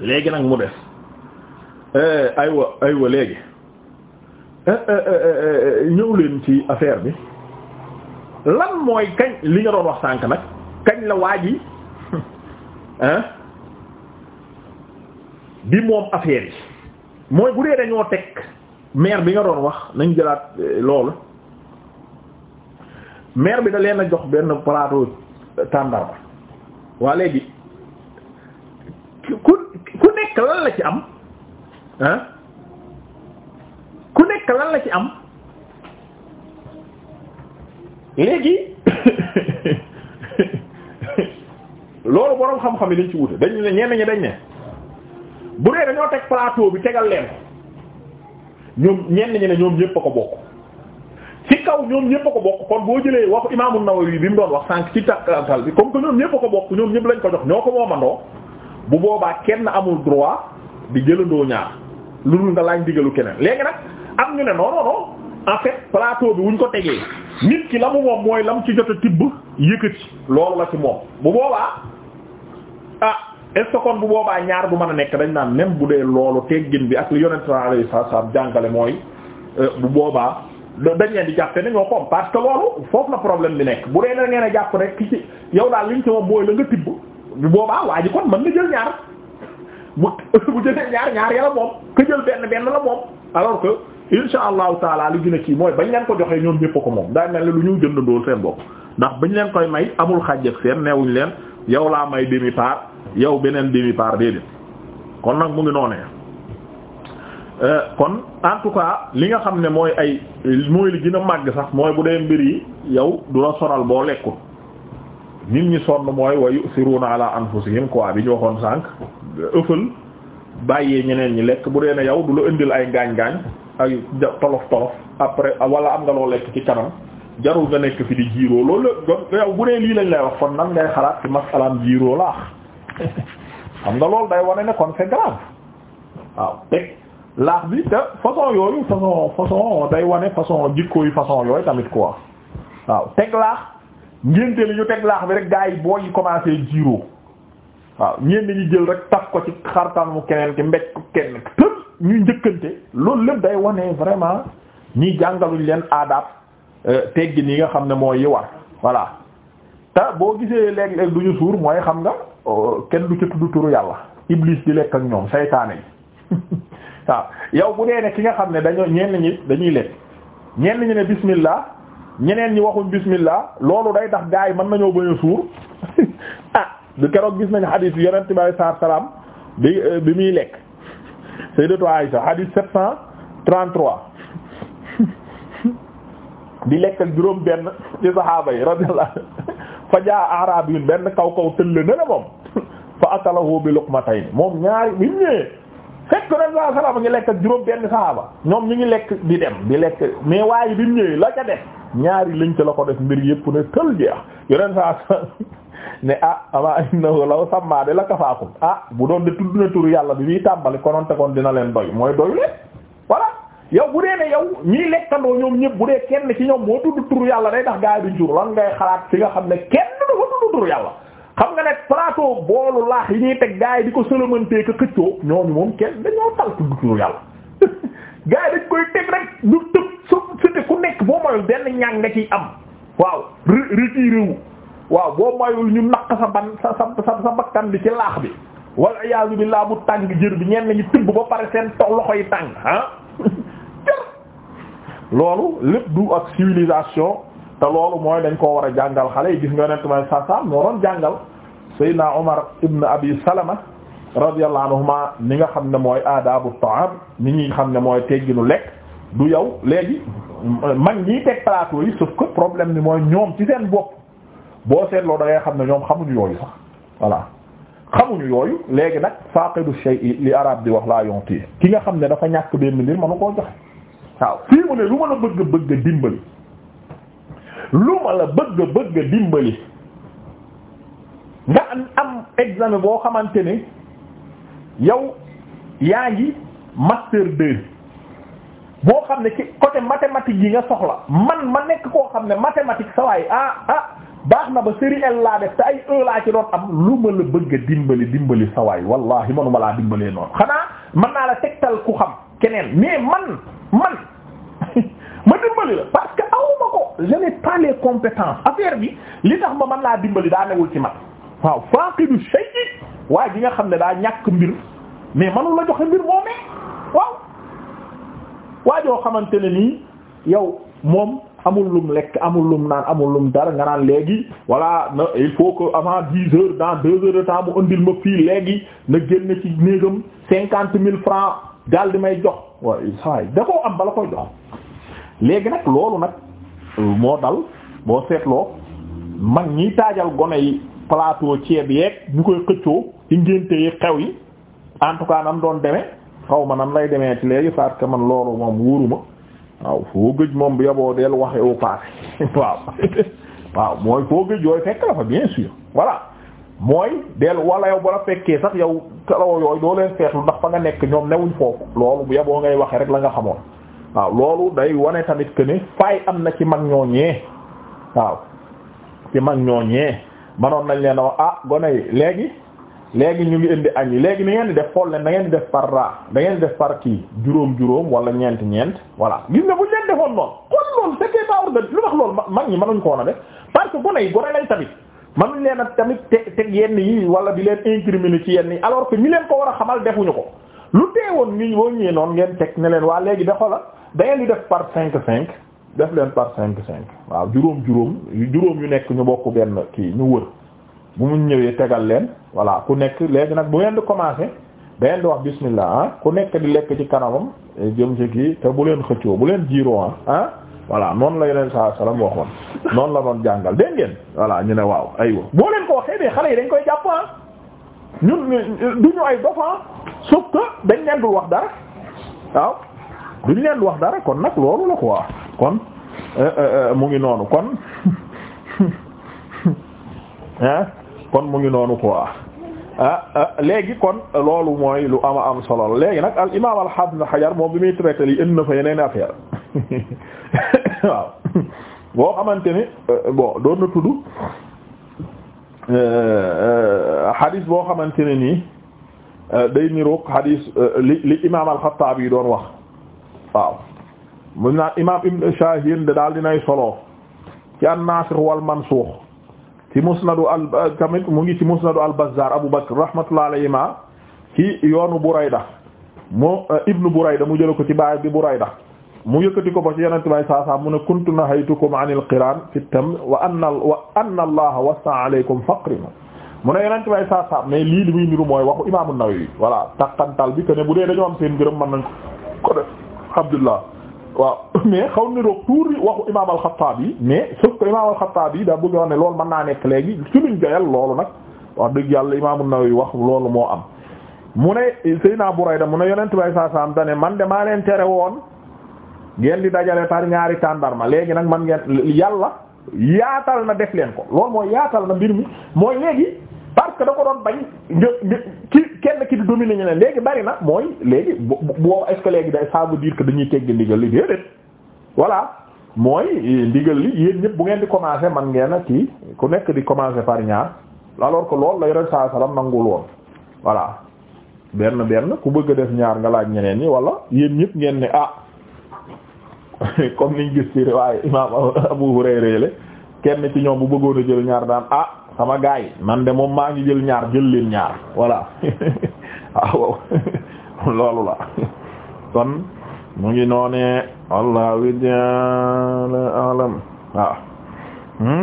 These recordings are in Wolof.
léegi nag mu def eh, aywa aywa léegi eh, eh, ñëw leen ci affaire bi lan mooy kañ li nga doon wax sànk nag kañ la waaj yi hein di moom affaire yi mooy bu dee dañoo teg maire bi nga doon wax nañ jëlaat loolu maire bi da leen a jox benn plateau tàndarma waa léegi ah ku nekk lan la ci am léegi loolu boroom xam-xam yi dañ ci wute dañ ne ñenn ñi dañ ne bu dee dañoo teg plateau bi tegal leen ñoom ñenn ñi ne ñoom ñépp a ko bokk ci kaw ñoom ñépp a ko bokk kon boo jëlee waxu imaamu Nawawi bi mu doon wax sànq ci takkantal bi comme que ñoom ñépp a ko bokk ñoom ñépp lañ ko jox ñoo ko moomandoo bu boobaa kenn amul droit di jël jëlandoo ñaar lu dul nga laaj digalu keneen léegi nag am ñu ne non non en fait plateau bi wuñ ko tegee nit ki la mu moom mooy la mu ci jot a tibb yëkkati loolu la ci moom bu boobaa ah est bu boobaa ñaar bu mën a nekk dañ naan même bu dee loolu teggin bi ak li yonent alayhi salaam jàngale mooy euh, bu boobaa dañ leen di jàpp te ñoo ko parce que loolu foofu na problème bi nekk bu dee da ngeen a jàpp rek ki ci yow daal liñ ci moom mooy la nga tibb bu boobaa waa ji kon na jël ñaar. bu bu jëlee ñaar ñaar ya moom ka benn benn la moom alors que insha allahu taala li gën a kii mooy bañ leen ko joxee ñoom ñëpp ko moom daa mel ne lu ñu jëndandool seen bopp ndax bañ leen koy may amul xàjjak seen neewuñ leen yow laa may demi part yow beneen demi part déedéet kon nag mu ngi noonee euh, kon en tout cas li nga xam ne mooy ay mooy li gën màgg sax mooy bu dee mbir yi yow du la sonal boo lekkul nit ñi sonn mooy wa yu'thiruna ala anfusihim a bi ñu waxoon sànq ëffal bàyyee ñeneen ñi lekk bu dee ne yow du la indil ay ngaañ-ngaañ ay tolof tolof après ah, wala am nga loo lekk ci kanam jarul nga nekk fi di jiiroo loolu la bu dee lii lañ lay wax kon nan ngay xalaat ci masalaam jiiroo laax xam nga lool day wane nekkoon kon c'est grave waaw teg laax bi te façon yooyu façon façon day wane façon jikko yu façon yooyu tamit quoi waaw teg laax ngénte li ñu teg laax bi rek gaa yi boo yi jiiroo waaw ñeen ñi jël rek taf ko ci xartaan mu keneen ki mbéj ko kenn tëb ñuy njëkkante loolu lépp day wane vraiment ñi jàngaluñ leen aadab euh, teggin yi nga xam ne mooy yi war voilà te boo gisee léeg-léeg du ñu suur mooy xam nga euh, kenn du ci tudd turu yàlla iblis di lekk ak ñoom seytaane yi waaw yow bu dee ne ki nga xam ne dañoo ñenn ñi dañuy lekk ñenn ñi ne bismillah ñeneen ñi waxuñ bismillah loolu day tax gaa yi mën nañoo bañ a suur ah, lu keroog gis nañ xadis bi yonent bi saa salaam bi euh, bi muy lekk Sayyidatu Aisha xadis 733 di lekk ak juróom benn ci saxaaba yi radiyallahu fa jaa arabiyun benn kaw kaw tëll na la moom fa akalahu bi luqmatayn moom ñaari bi mu ñëwee fekk na saa salaam ngi lekk ak juróom benn saxaaba ñoom ñu ngi lekk di dem di lekk mais waaye bi ñëwee la ca def ñaari liñ ci la ko def mbir yëpp ne tël jeex yeneen saa ne ah ama innahu law sammaa de la kafaakum ah bu doon de tudd na tur yàlla bi bii tàmbali konoon te kon dina leen doy mooy doy leen voilà yow bu dee ne yow ñii lekkandoo ñoom ñëpp bu dee kenn ci ñoom moo tudd tur yàlla day tax gaay duñ tur lan ngay xalaat fi nga xam ne kenn du tudd yàlla xam nga ne plateau boolu laax yi ñuy teg gaay di ko sëlëmantee ka këccoo ñooñu moom kenn dañoo tal tudd tur yàlla gaay dañ koy teg rek ñu tëb te ku benn ñàng nga ciy am waaw retiré wu waaw bi laax bi wal iyaazu billaah bu tàng jër bi ñenn ñi ba pare seen tox loxo yi ah. loolu lépp du ak civilisation te loolu mooy dañ koo war a jàngal xale yi gis nga yonent may sa sa moo doon jàngal Seydina Omar ibn Abi Salama radiyallahu anhuma ni nga xam ne mooy aadabu ta'am ni ñuy xam ne mooy tegginu lekk du yow léegi mag ñiy teg plateau yi sauf que problème bi mooy ñoom ci seen bopp boo seetloo da ngay xam ne ñoom xamuñu yooyu sax voilà xamuñu yooyu léegi nag faqidu shay'i li arab di wax laa yonti ki nga xam ne dafa ñàkk benn mbir mënu koo joxe waaw fii mu ne lu ma la bëgg bëgg dimbali lu ma la bëgg bëgg dimbali nga am examen boo xamante ni yow yaa ngi master 2 boo xam ne ci côté mathématique yi nga soxla man ma nekk koo xam ne mathématique sa waay ah ah baax na ba série laa def te ay E laa ci doon am lu ma la bëgg a dimbali dimbali sa waay wallahi manuma laa dimbalee noonu xanaa man naa la tegtal ku xam keneen mais man man ma dimbali la parce que awuma ko je n'ai pas les compétences affaire bi li tax ma man laa dimbali daa newul ci man waaw faqidu shay'i waaye ji nga xam ne daa ñàkk mbir mais manu la joxe mbir waa joo xamante ne nii yow moom amul lum lekk amul lum naan amul lum dara nga naan léegi voilà na il faut que avant dix heures dans deux heures de temps mu andil ma fii léegi na génn ci néegam cinquante mille francs daal di may jox waaw saa da koo am bala koy jox léegi nag loolu nag euh, moo dal boo seetloo mag ñi taajal gone yi plateau ceeb yeeg ñu koy xëccoo ci ngénte yi xew yi en tout cas doon demee. xaw ma nan lay demee ci léegi parce que man loolu moom wóoruma waaw foo gëj moom bu yaboo del waxee au passé waaw waaw mooy foo gëj yooyu fekk la fa bien sûr voilà mooy del wala yow ba la fekkee sax yow karaw yooyu doo leen feetlu ndax fa nga nekk ñoom newuñ foofu loolu bu yaboo ngay waxee rek la nga xamoon waaw loolu day wane tamit que ne am na ci mag ñooñee waaw ci mag ñooñee manoon nañ leen a wax ah gone léegi léegi ñu ngi indi añ yi léegi ni ngeen di def xool leen da ngeen di def par ra da ngeen di def par kii juróom-juróom wala ñeent ñeent voilà gis nga bu ñu leen defoon noonu kon loolu c'était pas organisé lu tax loolu mag ñi mënuñ ko woon a def parce que gone yi gone lañ tamit man leen a tamit teg teg yenn yi wala di leen incriminer ci yenn yi alors que ñi leen ko war a xamal defuñu ko lu teewoon nii boo ñëwee noonu ngeen teg ne leen waa léegi da xoola da ngeen di def par cinq cinq def leen par cinq cinq waaw juróom-juróom juróom yu nekk ñu bokk benn kii ñu wër bu mu ñëwee tegal leen voilà ku nekk léegi nag bu ngeen di commencer da ngeen di wax bismillah ah ku nekk di lekk ci kanamam jëm ci kii te bu leen xëccoo bu leen jiiroo am ah, ah voilà noonu la yeneen saa salaam waxoon noonu la doon jàngal dégg ngeen voilà ñu ne waaw aywa boo leen ko waxee mais xale yi dañ koy jàpp ah ñun du ñu ay dof ah sauf dañ leen dul wax dara waaw duñ leen wax dara kon nag loolu la quoi kon euh, euh, euh, mu ngi noonu kon ah. kon mu ngi noonu quoi ah, ah léegi kon loolu mooy lu ama am solo léegi nag al imaam al hafiz Hajar moo bi muy traité li indi na fa yeneen affaire waaw boo xamante ni euh, bon doon na tudd euh, hadith boo xamante ne nii euh, day niroog hadith li li imaam al Xattaabi doon wax waaw mun naa imaam Ibn Shaahin da daal dinay solo ci an-nasikh wal mansukh ci musnadu al tamit mu ngi ci musnadu al Bazzar Abu Bakr rahmatullah alayhima ci yoonu Burayda moo eh, ibnu Burayda mu jëla ko ci baay bi Burayda mu yëkkati ko ba ci yonente bay saa mu ne kuntu nahaytukum anil qiran fi tam wa anna wa anna allaha wasa alaykum faqrinu mu ne yonente bay saa saa mais lii li muy niru mooy waxu imaamu Nawawi voilà takkantal bi que ne bu dee dañoo am seen gërëm man nañ ko def Abdullah waaw mais xaw niroog tuuri waxu imaam al-Xattaabi mais sauf que imaam al-Xattaabi daa bëgg ne loolu man naa nekk léegi suñu joyal loolu nag wax dëgg yàlla imaam an-Nawawi wax loolu moo am mu ne naa Seydina Burayda mu ne yonent bay saa saam te ne man de maa leen tere woon ngeen di dajale par ñaari tàndarma léegi nag man ngeen yàlla yaatal na def leen ko loolu mooy yaatal na mbir mi mooy léegi parce que da ko doon bañ ki kenn ki di dominer ñeneen léegi bari na mooy léegi boo est-ce que léegi day ça veut dire que dañuy tegg ndigal li déedéet voilà mooy ndigal li yéen ñëpp bu ngeen di commencer man ngeen a ki ku nekk di commencer par ñaar alors que loolu la yore saa salaam nangul woon voilà benn benn ku bëgg a def ñaar nga laaj ñeneen yi wala yéen ñëpp ngeen ni ah comme niñ gis ci waaye imaam Abu Hurayra kenn ci ñoom bu bëggoon a jël ñaar daan ah. sama gaay man de moom maa ngi jël ñaar jël leen ñaar voilà ah, loolu la kon mu ngi noonee wallahu ta'ala a'lam waaw ah. hmm?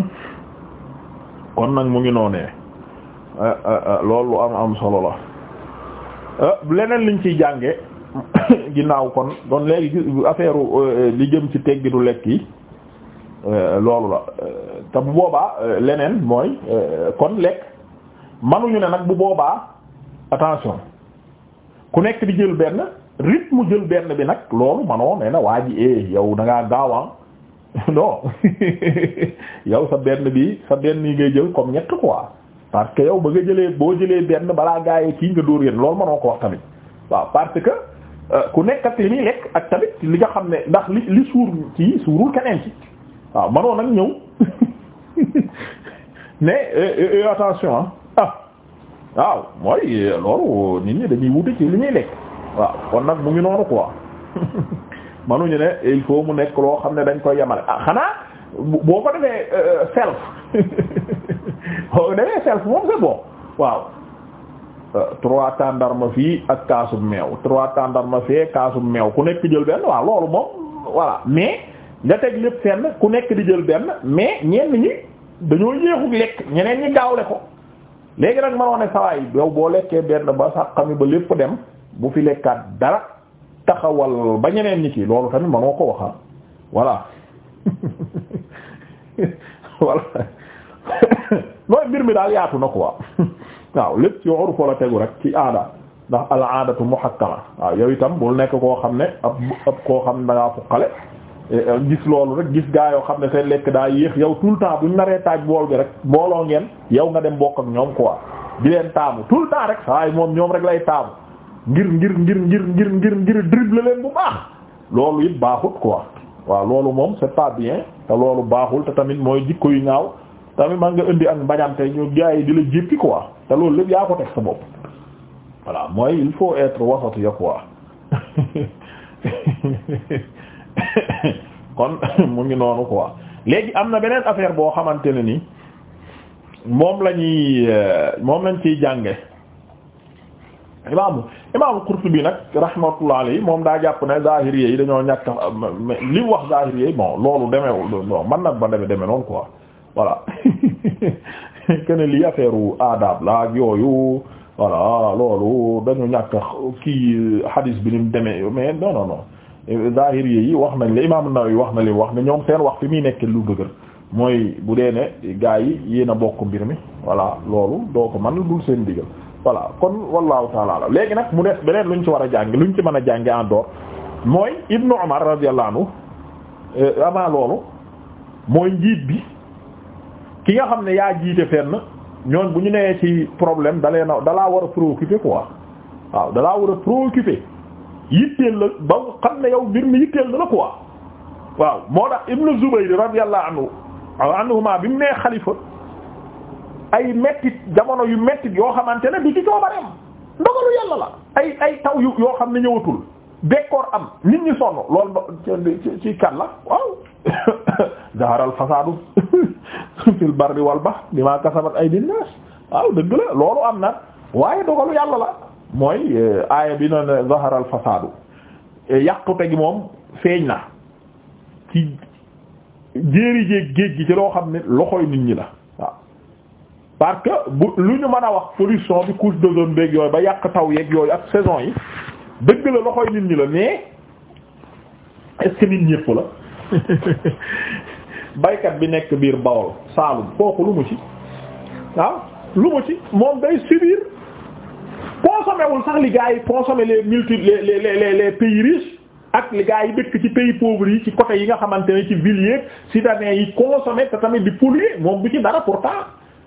kon nag mu ngi noonee eh, eh, eh, loolu lu am am solo la leneen liñ ciy jànge ginnaaw kon kon léegi affaire euh, li jëm ci teggitu lekk yi Euh, loolu la euh, te bu boobaa euh, leneen mooy kon lekk manuñu ne nag bu boobaa attention ku nekk di jël benn rythme jël benn bi nag loolu manoo nee na waa ji eh yow da ngaa gaawaan ah. non sa benn bi sa benn yi ngay jël comme ñett quoi parce yow ba nga jëlee boo jëlee benn balaa gaa yi nga dóor yéen loolu manoo ko wax tamit waaw parce que ku nekk li muy lekk ak tamit li nga xam ne ndax li li suur ci suurul keneen ci. waaw manoon nag ñëw mais euh, euh, attention ah waaw mooy euh, loolu nit ñi dañuy wute ci li ñuy lekk waaw kon nag mu ngi noonu quoi manuñu ne il mu nekk loo xam ne dañ koy yemale ah xanaa boo ko defee self boo defee self moom c'est bon waaw trois tàndarma fii ak kaasub meew trois tàndarma fee kaasub meew ku nekk jël benn waaw loolu moom voilà mais nga teg lépp fenn ku nekk di jël benn mais ñenn ñi dañoo yéexu lekk ñeneen ñi gaawle ko léegi nag mënoo ne sawaay yow boo lekkee benn ba sax ba lépp dem bu fi lekkaat dara taxawal ba ñeneen ñi kii loolu tamit mënoo ko waxa ah. voilà voilà mooy mbir mi daal yaatu na quoi waaw lépp ci waru ko la tegu rek ci aada ndax al aadatu muhakkama waaw yow itam bul nekk koo xam ne ab ab koo xam ne dangaa fukkale Eh, gis loolu rek gis gaa yoo xam ne seen lekk daa yéex yow tout le temps buñ naree taaj bool bi rek booloo ngeen yow nga dem bokk ak ñoom quoi di leen taamu tout le temps rek waaye moom ñoom rek lay taamu ngir ngir ngir ngir ngir ngir ngir dribble leen bu baax loolu it baaxut quoi waaw loolu moom c'est pas bien te loolu baaxul te tamit mooy jikko yu ñaaw tamit maa nga indi ak mbañante ñu gaa yi di la jéppi quoi te loolu lépp yaa ko teg sa bopp voilà mooy il faut être kon mu ngi noonu quoi léegi am na beneen affaire boo xamante ne ni moom la ñuy euh, moom lañ ciy jànge imaamu imaamu Qurtubi nag rahmatullah alayhi moom daa jàpp na zahiriyé yi dañoo wax zahiriyé bon man nag ba deme deme noonu quoi voilà kene lii affaire u adab la ak yooyu voilà loolu dañu ñàkk kii euh, hadis bi ni mu demee mais non non zahiri yi wax nañ la imam an wax na li wax ne ñoom seen wax fi muy nekkee lu dëgër mooy bu dee ne gaa yi yéen a bokk mbir mi voilà loolu doo ko mën dul seen digal voilà kon wallahu taala la léegi nag mu nekk beneen luñ ci war a jàng luñ ci mën a jànge en dehors mooy Ibnu Umar radiyallahu anhu euh, avant loolu mooy njiit bi ki nga xam ne yaa jiite fenn ñoon bu ñu newee ci problème dalee na dalaa war a préoccuper quoi waaw dalaa war a préoccuper yitteel la ba xam ne yow mbir mi yitteel na la quoi waaw moo tax Ibn Zubayr radiyallahu anhu anhuma bi mu nee xalifa ay mettit jamono yu mettit yoo xamante ne du ci la ay ay taw yu yoo xam ne ñëwatul am nit ñi sonn loolu ba ci ci kan la waaw zaharal fasaadu fil barri wal bahr bima kasabat aydin nas waaw dëgg la loolu am na waaye ndogalu yàlla la mooy euh, aaya bi na ne zaharal fasaadu yàqute gi moom feeñ na ci jéeri géej gi ci loo xam ne loxoy nit ñi la waaw parce que bu lu ñu mën a wax pollution bi couche d'ozone beeg yooyu ba yàq taw yeeg yooyu ak saison yi dëgg la loxoy nit ñi la mais est-ce nit ñëpp la baykat bi nekk biir Bawol Saalum kooku lu mu ci waaw lu mu ci moom day subir consommé wul sax li gars yi consommé les multi les les les les pays riches ak li yi dëkk ci pays pauvres yi ci côté yi nga xamante ne ci villes si citadins yi consommé te tamit di polluer moom bu ci dara pourtant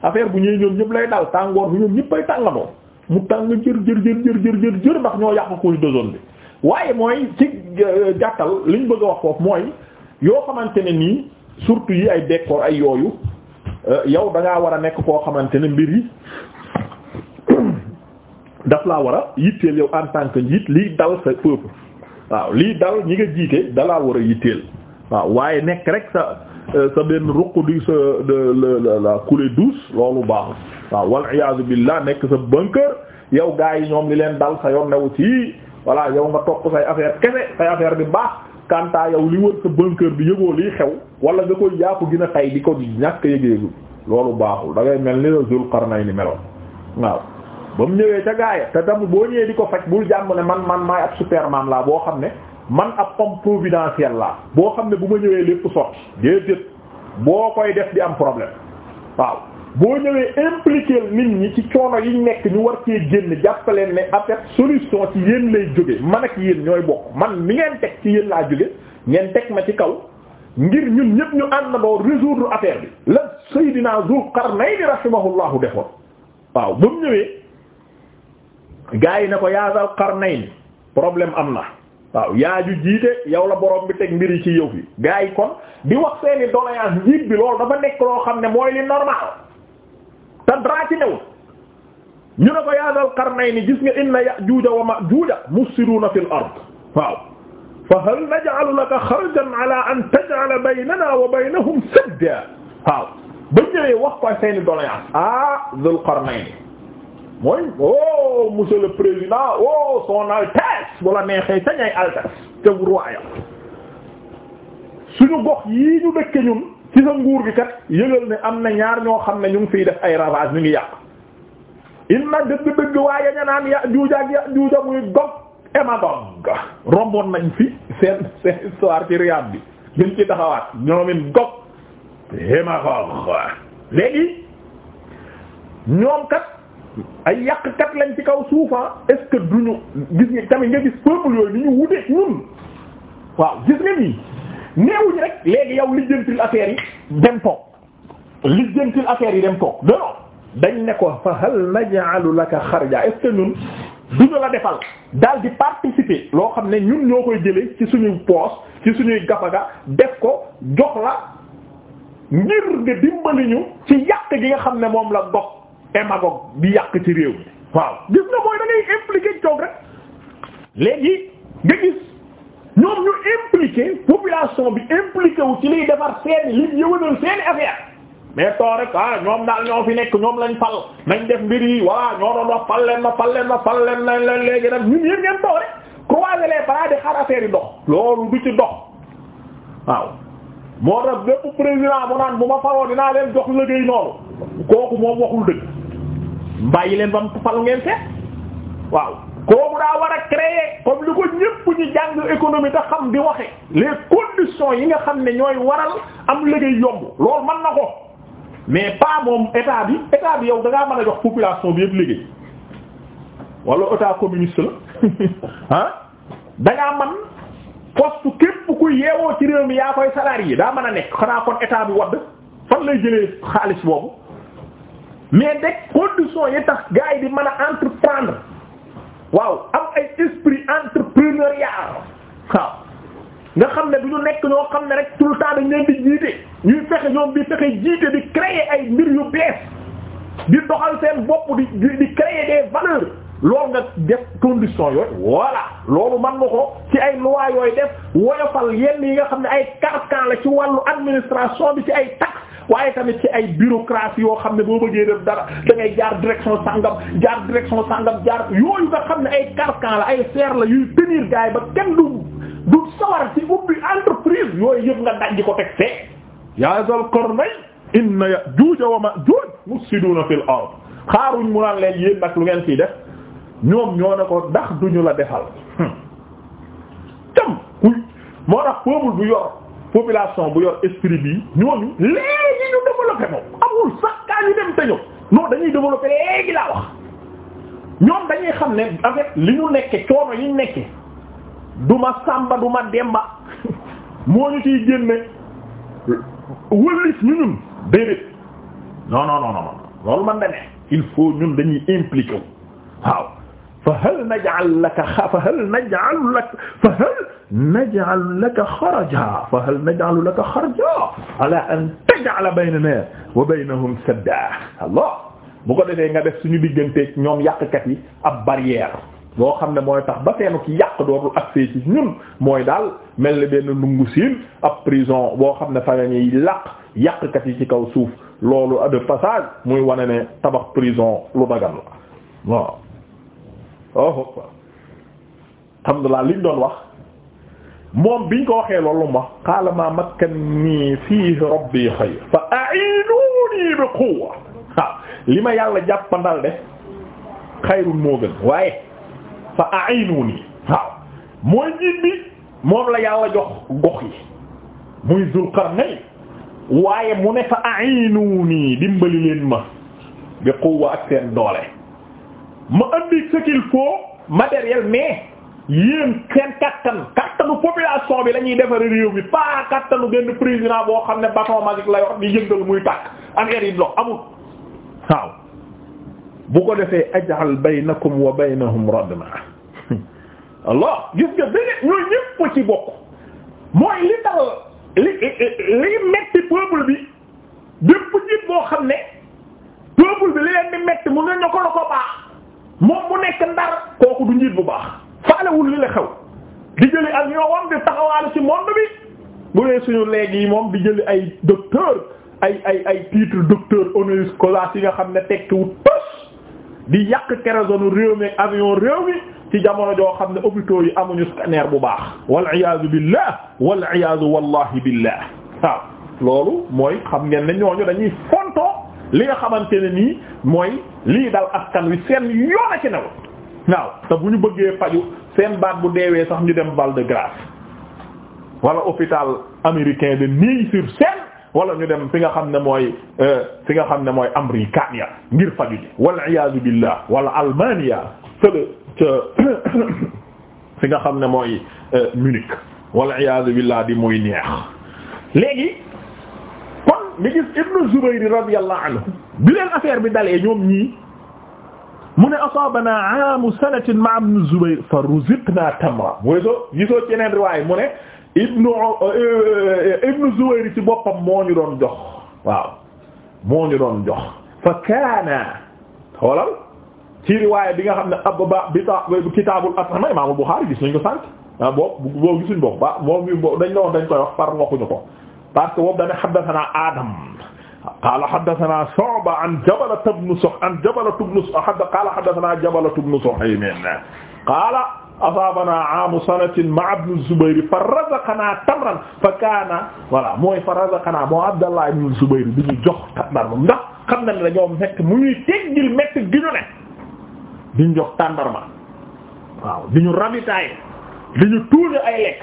affaire bu ñëw ñoom ñëpp lay dal tàngoor bi ñoom ñëpp ay tànganoo mu tàng jër jër jër jër jër jër ndax ñoo yàq couche d'ozone bi waaye mooy ci euh, gàttal liñ bëgg a wax foofu mooy yoo xamante ne nii surtout yi ay décor ay yooyu euh, yow da ngaa war a nekk koo xamante ne mbir yi daf laa war a yitteel yow en que njiit lii dal sa peuple waaw lii dal ñi nga jiite dalaa war a yitteel waaw waaye nekk rek sa euh, sa benn ruq di sa la douce loolu baaxul waaw wal iyaazu billah nekk sa bunker yow gaa yi ñoom li leen dal sa yoon newu ci voilà yow nga topp say affaire kese say affaire bi baax kanta yow li wër sa bunker bi yëgoo liy xew wala nga koy yaaku gën a tay di ko ñàkk yëgeegu loolu baaxul da ngay mel ni la Zul Qarnayni ba mu ñëwee ca gaaya te tam boo ñëwee di ko faj bul jàmm ne man man maay ab superman laa boo xam ne man ab homme providentiel laa boo xam ne bu ma ñëwee lépp sotti déedéet boo koy def di am problème waaw boo ñëwee impliquer nit ñi ci coono yi nekk ñu war cee génn jàppaleen ne en fait solution ci yéen lay jóge man ak yéen ñooy bokk man mi ngeen teg ci yéen laa jóge ngeen teg ma ci kaw ngir ñun ñëpp ñu àndandoo résoudre affaire bi la Seydina Zul Qarnayni rahimahullahu defoon waaw ba mu ñëwee gaa yi ne ko yaa Zal Qarnayn problème am na waaw yaa ju jiite yow la borom bi teg mbir yi ci yow fi gaa yi kon di wax seeni doléance njiit bi loolu dafa nekk loo xam ne mooy li normal te dara ci newul ñu ne ko yaa Zal Qarnayn gis nga inna Ya'juuja wa Ma'juuja mufsiduuna fil ard waaw fa hal naj'alu laka xarjan ala an taj'ala baynana wa baynahum sadda waaw ba ñëwee wax ko seeni doléance ah Zal Qarnayn mooy oh monsieur le président oh son altesse bu la neexee ca ñay altesse te royal suñu gox yii ñu dëkk ñun ci sa nguur bi kat yëgal ne am na ñaar ñoo xam ne ñu ngi fiy def ay ravage ñu ngi yàq inna dëgg-dëgg waaye ña naan ya juuja ak ya juuja muy Gog et nañ fi bi dañ ci taxawaat ñoomin Gog et léegi ñoom kat ay yàqkat lañ ci kaw suufa ah, est-ce que gis nga tamit nga gis peuple yooyu ni ñu wuteek ñun waaw gis nga nii néewuñu rek léegi yow lijjantil affaire yi dem toog lijjantil affaire yi dem toog non dañ ne ko fa hal naj'alu laka xarja est-ce que ñun duñu la defal dal di participer loo xam ne ñun ñoo koy jëlee ci suñu poos ci suñuy gafaga def ko jox la ngir nga dimbali ñu ci yàq gi nga xam ne moom la dox émagogue bi yàq ci réew mi waaw gis nga mooy da ngay impliqué coog rek léegi nga gis ñoom ñu impliqué population bi impliqué wu ci liy defar seeni li yëwanal seeni affaire mais too rek ah ñoom daal ñoo fi nekk ñoom lañ fal nañ def mbir yi voilà ñoo fal leen ma fal leen ma fal leen leen léegi nag ñun yéen ngeen too rek croiser les bras di xaar affaire dox loolu du ci dox waaw moo tax bépp président mu naan bu ma faloo dinaa leen jox liggéey noonu kooku moom waxul dëgg bàyyi leen ba mu fal ngeen seet waaw kooku daa war a créer comme lu ko ñépp ñu jàng économie te xam di waxe les conditions yi nga xam ne ñooy waral am liggéey yomb loolu man na ko mais pas moom état bi état bi yow da ngaa mën a jox population bi yépp liggéey wala état communiste la ah da ngaa mën poste képp ku yeewoo ci réew mi yaa koy salarié daa mën a nekk xanaa kon état bi wadd fan lay jëlee xaalis boobu. mais deg condition yi tax gars yi di mën a entreprendre waaw am ay esprit entrepreneurial waaw nga xam ne du ñu nekk ñoo xam ne rek tout le temps dañ leen di jiite ñuy fexe ñoom bi fexe jiite di créer ay mbir yu bees di doxal seen bopp di di créer des valeurs loolu nga def condition yooyu voilà loolu mën na ko ci ay loi yooyu def woyofal yenn yi nga xam ne ay carcan la ci wàllu administration bi ci ay tax waaye tamit ci ay bureaucratie yoo xam ne boo bëggee def dara da ngay jaar direction sangam jaar direction sàngam jaar yooyu nga xam ne ay carcan la ay fer la yuy tenir gaay ba kenn du du sawar ci ubbi entreprise yooyu yëpp nga dajji ko teg fee yaa Zal Qarnay inna Ya'juuj wa Ma'juuj mufsiduuna fil ard xaaruñ mu naan leen yéen nag lu ngeen fii def ñoom ñoo ne ko ndax duñu la defal hmm. tam kuy moo tax peuple population bu yor esprit bi ñooñu léegi ñu développé moom amul sax ñu dem te ñëw non dañuy développé léegi laa wax ñoom dañuy xam ne avec li ñu nekke coono yi nekke du sàmba du demba moo ñu ciy génne wëllis ñu ñun déedéet non non non non loolu man da il faut ñun dañuy impliqué waaw fa hal naj'al laka fa fa hal naj'al laka xaraja fa hal naj'alu laka xaraja ala an taj'ala baynana wa baynahum sadda Allah bu ko defee nga def suñu digganteeg ñoom yàqkat yi ab barrière boo xam ne mooy tax ba seenu ki yàq dootul accès ci ñun mooy daal mel ni benn ndungu siin ab prison boo xam ne fa la ñuy làq yàqkat yi ci kaw suuf loolu de passage muy wane ne tabax prison lu dagan la waaw. waaw oh, oh, oh. alhamdulillah liñ doon wax. moom biñ ko waxee loolu mu wax qaala ma makkanni fiihi rabbi xayr fa a'inuni bi quwwa ah, li ma yàlla jàppandal de xayrun moo gën waaye fa a'inuni waaw mooy njiit bi moom la yàlla jox gox yi muy Dul Qarnayn waaye mu ne fa a'inuni dimbali leen ma bi quwwa ak seen doole ma andi ce qu'il faut matériel mais yéen seen kattan kattanu population bi la ñuy defar réew mi pas kattanu benn président boo xam ne bâton magique la yor di yëngal muy tàkk affaire yi loo amul waaw bu ko defee aj'al baynakum wa baynahum radma Allah gis nga bene ñooy ñëpp ci bokk mooy li dal li li metti peuple bi bépp nit boo xam ne peuple bi li leen di metti mu nga ña ko la ko baax moom mu nekk ndar kooku du njiit bu baax faalewul li la xew di jëli ak ñoom di taxawaalu ci monde bi bu dee suñu léegi yi moom di jëli ay docteur ay ay ay titre docteur honoris causa yi nga xam ne tekkiwul tos di yàq kérosène réew mi ak avion réew mi ci jamono joo xam ne hôpitaux yi amuñu scanner bu baax wal iyaazu billah wal iyaazu wallahi billah waaw loolu mooy xam ngeen ne ñooñu dañuy fonto li nga xamante ne nii mooy lii dal askan wi seen yoon a ci new waaw te bu ñu bëggee faju seen baat bu deewee sax ñu dem Val de Grâce wala hôpital américain de Neuilly-sur-Seine wala ñu dem fi nga xam ne mooy euh, fi nga xam ne mooy amrikania ngir faju ji wal iyaazu billah wala almania fële ca fi nga xam ne mooy euh, Munich walla iyaazu billah di muy neex léegi kon nga gis Ibnu Zubayr radiyallahu anhu bi leen affaire bi dalee ñoom ñii mu ne asabana aamu sanatin ma ibn Zubayr fa ruzitna tamra mooy so gisoo ci riwaay mu ne ibnu uh, uh, ibnu Zubayr boppam moo ñu doon jox waaw moo doon jox fa kaana xoolal ci riwaay bi nga xam ne abba bita gis nañ ko sant ah boobu boobu gisuñ ba moom dañ la wax dañ koy wax par waxuñu ko parce que boobu dañ haddathana Adam qaala haddasanaa Shu'ba an Jabalata bnu Suh an Jabalata bnu Suh qaala haddasanaa Jabalata bnu Suhaym qaala asaabanaa aamu sanatin ma'a bni Zubayr fa razaqanaa tamran fa kaana voilà mooy fa razaqanaa moo Abdallah ibn Zubayr bi ñu jox tàndarma ndax xam na ne dañoo nekk mu ñuy teggil métti gi ñu ne di ñu jox tàndarma waaw di ñu rabitaay di ñu tuuri ay lekk.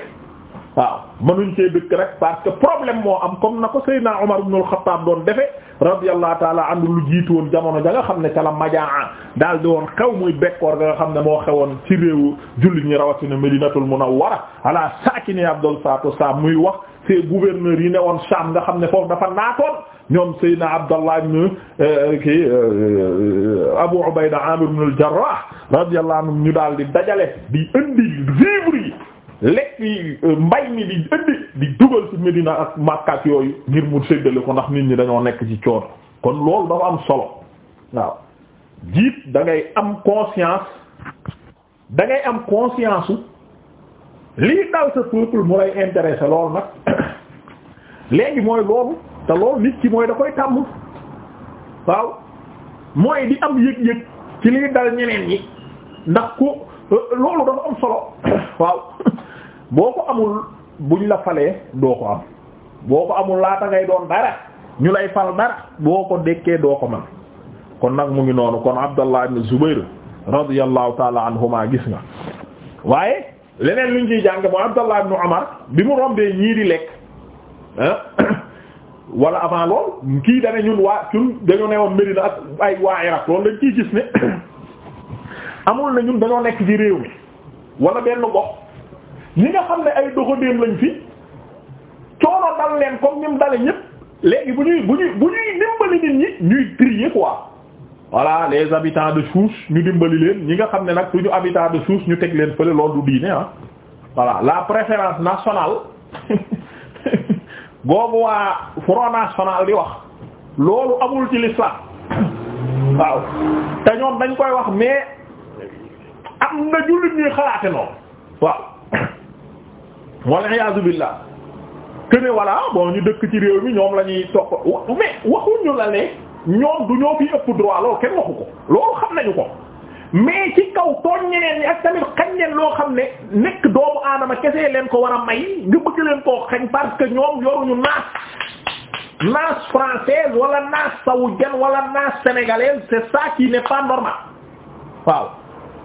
waaw mënuñ cee dëkk rek parce que problème moo am comme na ko Seydina Umar ibn al-Khattab doon defe radiyallahu taala andu lu jiitu woon jamono ja nga xam ne ca la majaa daal di woon xew muy bekkoor ga nga xam ne moo xewoon ci réewu jullit ñi rawatina Madinatul Munawwara ala sakini Abdul Fatou sa muy wax ces gouverneurs yi ne woon Sham nga xam ne foofu dafa naatoon ñoom Seydina Abdallah ibn eh, kii eh, Abu Ubayda Amir ibn al-Jarrah radiyallahu anhu ñu daal di dajale di indi vivre yi lekk euh, mbay mi di indi di dugal ci Medina ak Makka yooyu ngir mu séddale ko ndax nit ñi dañoo nekk ci coono kon loolu dafa am solo waaw jiit da am conscience dangay am conscience lii dal sa peuple mu lay loolu nag léegi mooy loolu te loolu nit ki mooy da koy tàmm waaw mooy di am yëg-yëg ci lii dal ñeneen ñi ndax ku euh, loolu dafa am solo waaw boo ko amul buñ la falee doo ko am boo ko amul laata ngay doon dara ñu lay fal dara boo ko dekkee doo ko man kon nag mu ngi noonu kon Abdallah ibn Zubayr radiyallahu taala anhuma gis nga waaye leneen luñ ciy jàng mooy Abdallah ibn Umar bi mu rombee ñii di lekk wala avant lool kii dane ñun waa ñun dañoo newoon waa Iraq loolu dañ ciy gis ne amul na ñun dañoo nekk ci réew mi wala benn gox ñi nga xam ne ay doxandéem lañ fi coono dal leen comme ni dale ñëpp léegi bu ñuy bu ñuy bu ñuy dimbali nit ñi ñuy trier quoi voilà les habitants de Souss ñu dimbali leen ñi nga xam ne nag suñu habitants de Souss ñu teg leen fële loolu du diine ah voilà la préférence nationale boobu waa Front National di wax loolu amul ci l'islam waaw te ñoom dañ koy wax mais am na jullit ñuy xalaate noonu waaw wala iyaazu billah que ne voilà bon ñu dëkk ci réew mi ñoom la ñuy topp mais waxuñu la ne ñoom du ñoo fi ëpp droit loolu kenn waxu ko loolu xam nañu ko mais ci kaw tooñ ñeneen ak tamit xañ leen loo xam ne nekk doomu aadama kese leen ko war a may nga bëgg leen koo xañ parce que ñoom yoruñu naas naas française wala naas saoudienne wala naas sénégalaise c'est ça qui n'est normal waaw.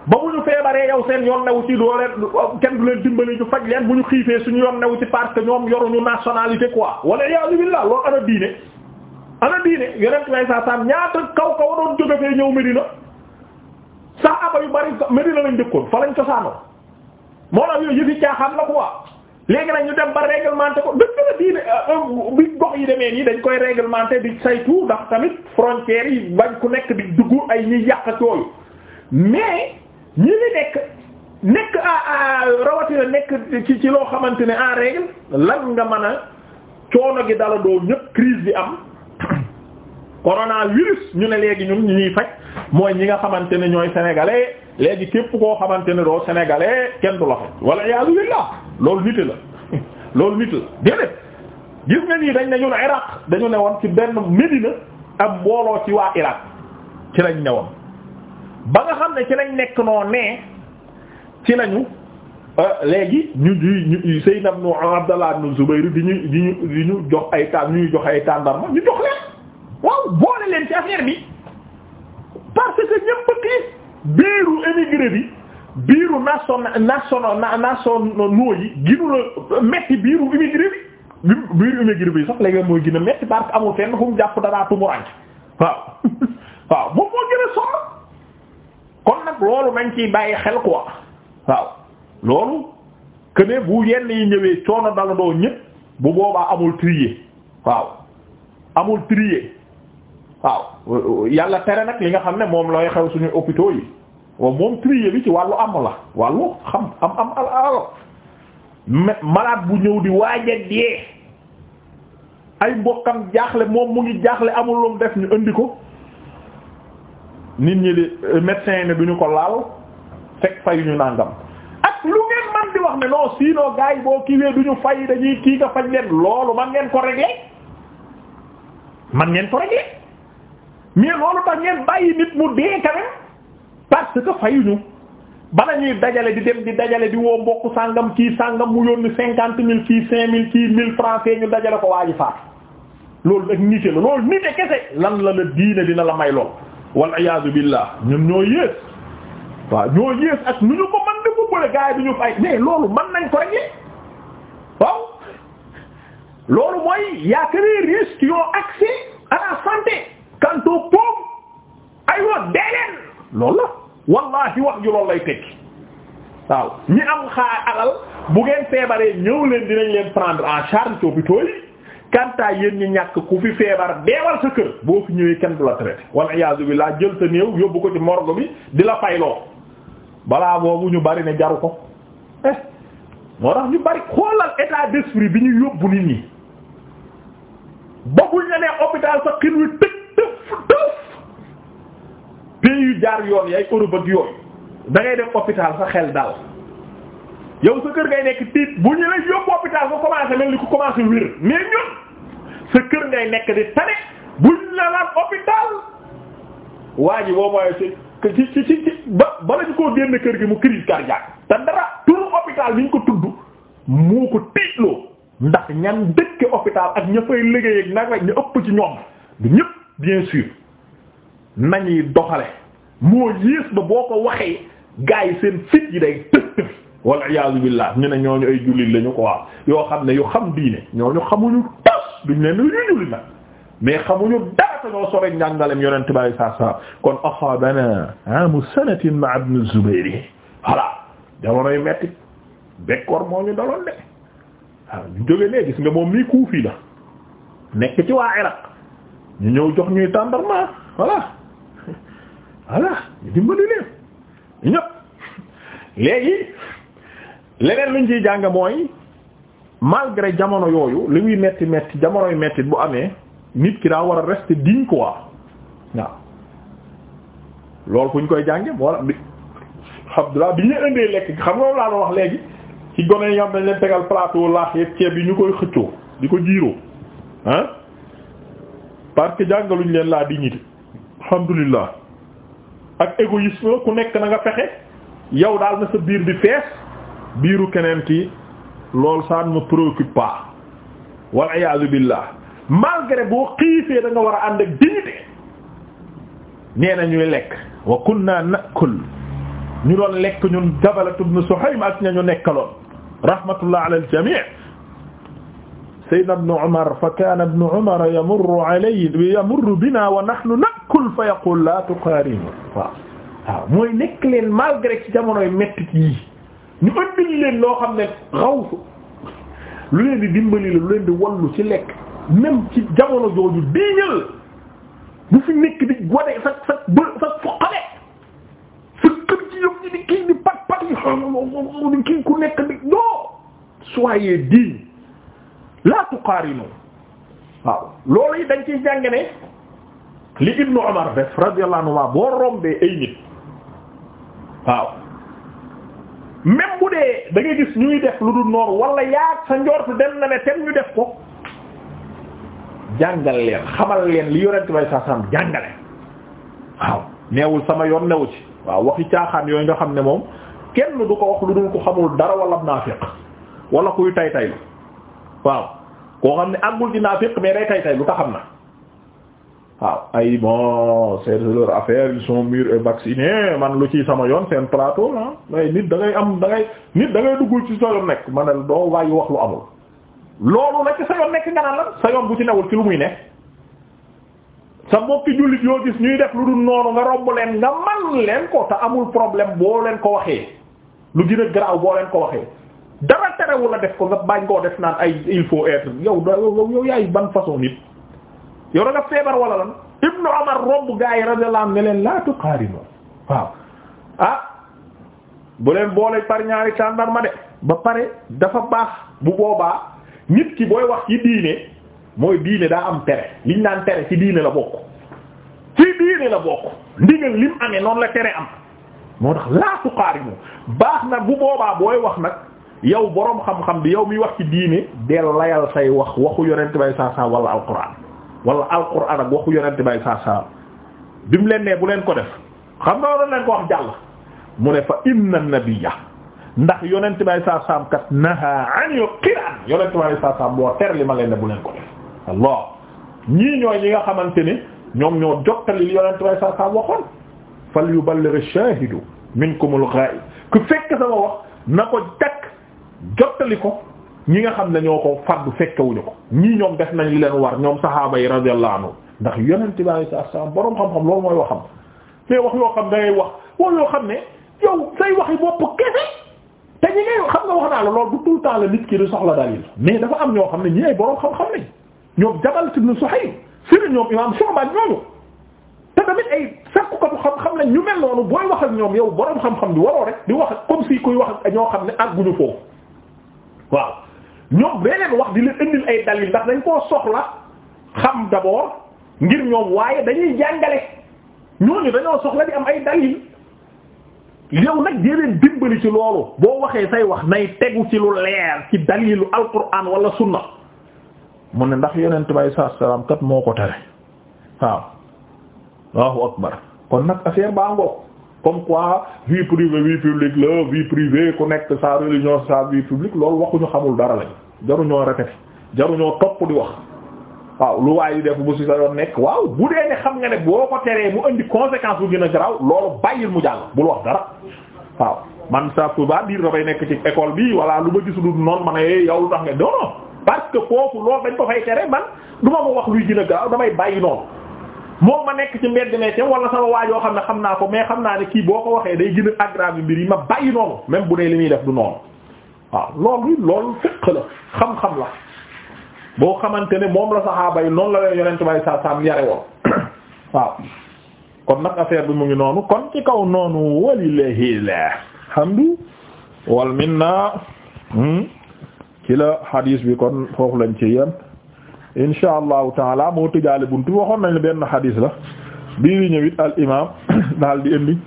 ba mu ñu feebaree yow seen yoon new ci doo leen kenn du leen dimbali ñu faj leen bu ñu xiifee suñu yoon new ci parce que ñoom yoruñu nationalité quoi wala iyaazu billaah loolu ana diine a diine yonent way saa saam ñaata kaw kaw doon jóge fee ñëw Medina saxaaba yu bari Medina lañ dëkkoon fa lañ cosaanoo moo tax yooyu yëfi caaxaan la quoi léegi nag ñu dem ba réglementé ko dëgg la diine euh, euh, bi gox yi demee nii dañ koy réglementé di saytu ndax tamit frontières yi bañ ku nekk di dugg ay ñi yàq ak yooyu mais ñi li nekk nekk a rawatina nekk ci loo xamante ne en règle lan nga mën a coono gi dala doo ñëpp crise bi am coronavirus ñu ne léegi ñun ñu ñuy faj mooy ñi nga xamante ne ñooy sénégalais léegi képp koo xamante ne doo sénégalais kenn du la faj wala iyaazu billah loolu nit la loolu nit la déedéet gis nga nii dañ ne ñun Iraq dañu ne wan ci benn Médina am mbooloo ci waa Iraq ci lañ ne woon ba nga xam ne ci lañ nekk noo nee ci nañu euh, léegi ñu ñu Sayyid ibn Abdallah ibn Zubayr di ñu di ñu di ñu jox ay tàn ñu jox ay tàndarma ñu jox leen waaw boole leen ci affaire bi parce que ñëpp ki biiru émigré bi biiru nation national nationaux yi ginu la metti biiru immigré bi biiru immigré bi sax léegi mooy gën metti parce que amul fenn fu mu jàpp daraa tumuranc waaw waaw kon nag loolu nañ ciy bàyyi xel ko waaw loolu que ne bu yenn yi ñëwee coono dala doo ñëpp bu boobaa amul trier waaw amul trier waaw yàlla tere nag li nga xam ne moom looy xew suñu hôpitaux yi waaw moom trier bi ci wàllu am la wàllu xam am am al malade bu ñëw di waaja dee ay mbokkam jaaxle moom mu ngi jaaxle amul lu mu def ñu indi ko nit ñi li euh, médecin yi ne du ñu ko laal fekk fay ñu nangam ak lu ngeen man di wax ne non sinon gars yi boo kiiwee du ñu fay dañuy kii nga faj leen loolu man ngeen ko régler man ngeen ko régler mais loolu tax ngeen bàyyi nit mu dee quand parce que fayuñu bala ñuy dajale di dem di dajale di woo mbokk sàngam kii sàngam mu yónni cinquante mille kii cinq mille kii mille francs ñu dajale ko waa ji faat loolu nag nite la loolu nite kese lan la la diine dina la may lool. wal iyaazu billah ñun ñoo yées waaw ñoo yées ak nu ñu ko mën gaay bi ñu fay mais loolu man nañ ko rek loolu mooy y'a que les riches qui ont accès à la santé quant aux pauvres aywa deeleen loolu wallahi wax ju loolu lay tekki waaw ñi am xaar alal bu ngeen feebaree ñëw leen dinañ leen prendre en charge hôpitaux yi kantaa yéen ñi ñàkk ku fi feebar deewal sa kër boo fi ñëwee kenn du la traité wal iyaazu billaah jël sa néew yóbbu ko ci morgue bi di la fayloo balaa boobu ñu bari ne jaru ko eh moo tax ñu bari xoolal état d'esprit bi ñu yóbbu nit ñi bokkul ne nee hôpital sa xin wi tëj tëf tëf pays yu jaar yoon yi ay Europe ak yooyu da def hôpital sa xel dal yow sa kër ngay nekk tiit bu ñu la yóbbu hôpital ba commencé mel ni ku commencé wér mais ñun sa kër ngay nekk di tane buñ la laan hôpital waa ji boo mooy ci ci ci ci ba bala ñu koo génn kër gi mu crise cardiaque te dara turu hôpital ñu ko tudd moo ko ndax ñan dëkke hôpital ak ña liggéey ak ñu ëpp ci ñoom ñëpp bien sûr nañuy boo ko waxee gars yi seen fit yi day tëtt wal ñu ne ñooñu ay jullit lañu ko waaw yoo xam ne yu xam diine ñooñu xamuñu duñ leen lu julli nag mais xamuñu dara te ñoo sore njàngalem yonent bàyyi saa saa kon asaabana amu sanatin ma ibn Zubayr yi voilà jamonoy metti bekkoor moo ñu daloon de waaw ñu jóge ne gis nga moom mii kuufi la nekk ci waa Iraq ñu ñëw jox ñuy tàndarma voilà voilà dimbali leen ñëpp léegi leneen luñ ciy jàng mooy malgré jamono yooyu li muy metti metti jamonoy metti bu amee nit ki daa war a diñ ko quoi waaw loolu fu ñu koy jànge wala bi lekk xam nga laa doon wax léegi ci gone yi dañ leen tegal plateau laax yeeg ceeb yi ñu koy xëccoo di ko jiiroo ah parce jàngaluñ leen laa dignité alhamdulillah ak égoïsme ku nekk na nga fexe yow daal na sa biir di fees biiru keneen ki lool ça ne me préoccupe pas wal iyaazu billah malgré boo xiifee da nga war a ànd ak dignité nee na ñuy lekk wa kunna nakul ñu doon lekk ñun Jabalat ibn Suhaym ak ña ñu nekkaloon rahmatullah ala al-jami' sayyidna ibn Umar fa kana ibn Umar yamurru alayhi yamurru bina wa nahnu nakul fa yaqul la tuqarinu waaw waaw mooy nekk leen malgré ci jamonoy metti yi ñu ëndil leen loo xam ne raw lu leen di dimbali la lu leen di wallu ci lekk même ci jamono jooju diiñal bu fi nekk di gone sa sa bë sa foqale sa kër ci yom ñi di kii di pat pat yi di kii ku nekk di doo soyez digne la tuqarinu waaw loolu yi dañ ciy jàng ne li Ibnu Umar def radiyallahu anhu boo rombee ay waaw même bu dee da nga gis ñuy def lu dul noor wala yaa sa njortu dem na ne tem ñu def ko jàngal leen xamal leen li yorent bay sa sam jàngale waaw neewul sama yoon newu ci waaw waxi caaxaan yooyu nga xam ne moom kenn du ko wax lu dul ko xamul dara wala naafiq wala kuy tay tay lu waaw koo xam ne àggul ci naafiq mais day tay tay lu ta xam na waaw ay bon c'est leur affaire ils sont mûrs et vaccinés man lu ci sama yoon seen plateau ah waaye nit da am da ngay nit dangay ngay ci sa yoon nekk ma ne doo waaye wax lu amul loolu la ci sa yoon nekk nga naan la sa yoon bu ci newul ci lu muy ne sa mbokki jullit yoo gis ñuy def lu dul noonu nga romb leen nga man leen ko te amul problème boo leen ko waxee lu gën a garaaw boo leen ko waxee dara terewul la def ko nga bañ koo def naan ay il faut être yow yow yow yaay ban yow da feebar wala lan ibnu Umar romb gaa yi radiyallahu anhu ne leen la tuqarinu waaw ah bu leen boole par ñaari tàndar ma de ba pare dafa baax bu boobaa nit ki booy wax ci diine mooy diine daa am tere liñ naan tere ci diine la bokk ci diine la bokk ndigal lim amee noonu la tere am moo tax la tuqarinu baax na bu boobaa booy wax nag yow boroom xam-xam bi yow miy wax ci diine del layal say wax waxu yonent bay saa saa wala alquran wala alquran ak waxu yonente bay saa salaam bi mu leen nee bu leen ko def xam nga waroon leen ko wax jàll mu ne fa inna nabiyya ndax yonente bay saa salaam kat naha anil qiran yonente bay saa salaam boo ter li ma leen ne bu leen ko def allah ñii ñooy ñi nga xamante ni ñoom ñoo jottali li yonente bay saa salaam waxoon fal yuballigh ash-shahidu minkumul ghaib ku fekk sama wax na ko jakk jottali ko ñi nga xam ne ñoo ko faddu fekkewuñu ko ñii ñoom def nañ leen war ñoom saxaaba yi radiyallahu anhu ndax yonent bi sallallahu alayhi wasallam boroom xam-xam loolu mooy waxam mais wax yoo xam da ngay wax wax yoo xam ne yow say waxi bopp kese te ñi ngay xam wax naa la loolu du tout le temps la nit ki di soxla am ñoo xam ne ñi ay boroom xam-xam lañ ñoom Jabal ibn Suhayb sëriñ ñoom imam Shu'ba ñooñu te tamit ay sàkkukatu xam-xam lañ ñu mel noonu booy wax ak ñoom yow boroom xam-xam bi waroo rek di wax comme si kuy wax ak ñoo xam ne àgguñu foofu waaw ñoom beneen wax di leen indil ay dalil ndax dañ koo soxla xam d'abord ngir ñoom waaye dañuy jàngale ñooñu dañoo soxla di am ay dalil yow nag jéleen dimbali ci loolu boo waxee say wax nay tegu ci lu leer ci dalilu alquran wala sunna mu ne ndax yeneen bi sa salaatu kat moo ko tere waaw Allahu akbar kon nag affaire baa ngoo comme quoi vie privée vie publique la vie privée ku sa religion sa vie publique loolu waxuñu xamul dara lañu jaruñoo répété jaruñoo topp di wax waaw lu waay di def bu si sa yoon nekk waaw bu dee ne xam nga ne boo ko teree mu indi conséquence bu gën a garaaw loolu bàyyil mu jàll bul wax dara waaw man sa ba diir dafay nekk ci école bi walla lu ma gisulul noonu ma ne eh, yow lu tax nga non parce que foofu loolu dañ ko fay tere man du ma ko wax luy gën a garaaw damay bàyyi noonu moom ma nekk ci mbedd meetam wala sama waa yoo xam ne xam naa ko mais xam naa ne kii boo ko waxee day gën a aggraver mbir ma bàyyi noonu même bu dee li muy def du noonu waaw loolu loolu fiq la xam-xam la boo xamante ne moom la saxaaba yi noonu la leen yonent bay saa saam yare woon waaw kon nag affaire bi mu ngi noonu kon ci kaw noonu walillahil hamdu wal minna hmm? ci la hadis bi kon foofu lañ ci yem insha allahu taala moo tëjaale buntu waxoon nañ la benn hadis la bii di ñëwit al imam daal di indi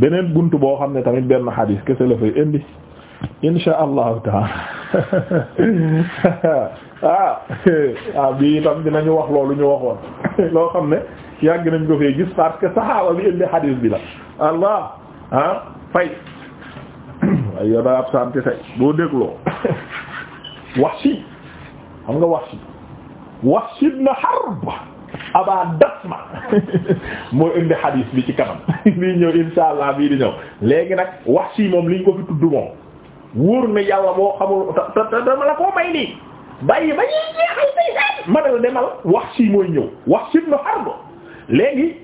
beneen buntu boo xam ne tamit benn hadis kese la fay indi insha allahu taala ah ah bii itam dinañu wax loolu ñu waxoon loo xam ne yàgg nañ ko fee gis parce que saxaaba bi indi xadiis bi la allah ah fay ay yow daa absenté tey boo dégloo Wahshi xam nga Wahshi Wahshi ibn Harb aba dasma moo indi xadiis bi ci kanam bii ñëw insha allah bii di ñëw léegi nag Wahshi moom liñ ko fi tudd moom wóor na yàlla boo xamul te te dama la koo may nii bàyyi ba ñuy jeexal say saat ma dal demal wax si mooy ñëw wax si na xarbo léegi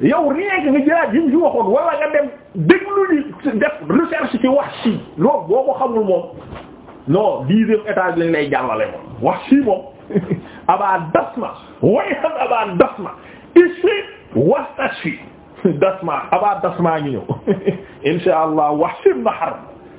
yow réeg nga jëlaat yim si waxoon wala nga dem déglu ni def recherche ci wax si loolu boo ko xamul moom non dixième étage lañ lay jàllale moom wax si moom abaa dasma wayhan abaa dasma isfi wastasfi dasma abaa dasma ngi ñëw insha allah wax si na xarbo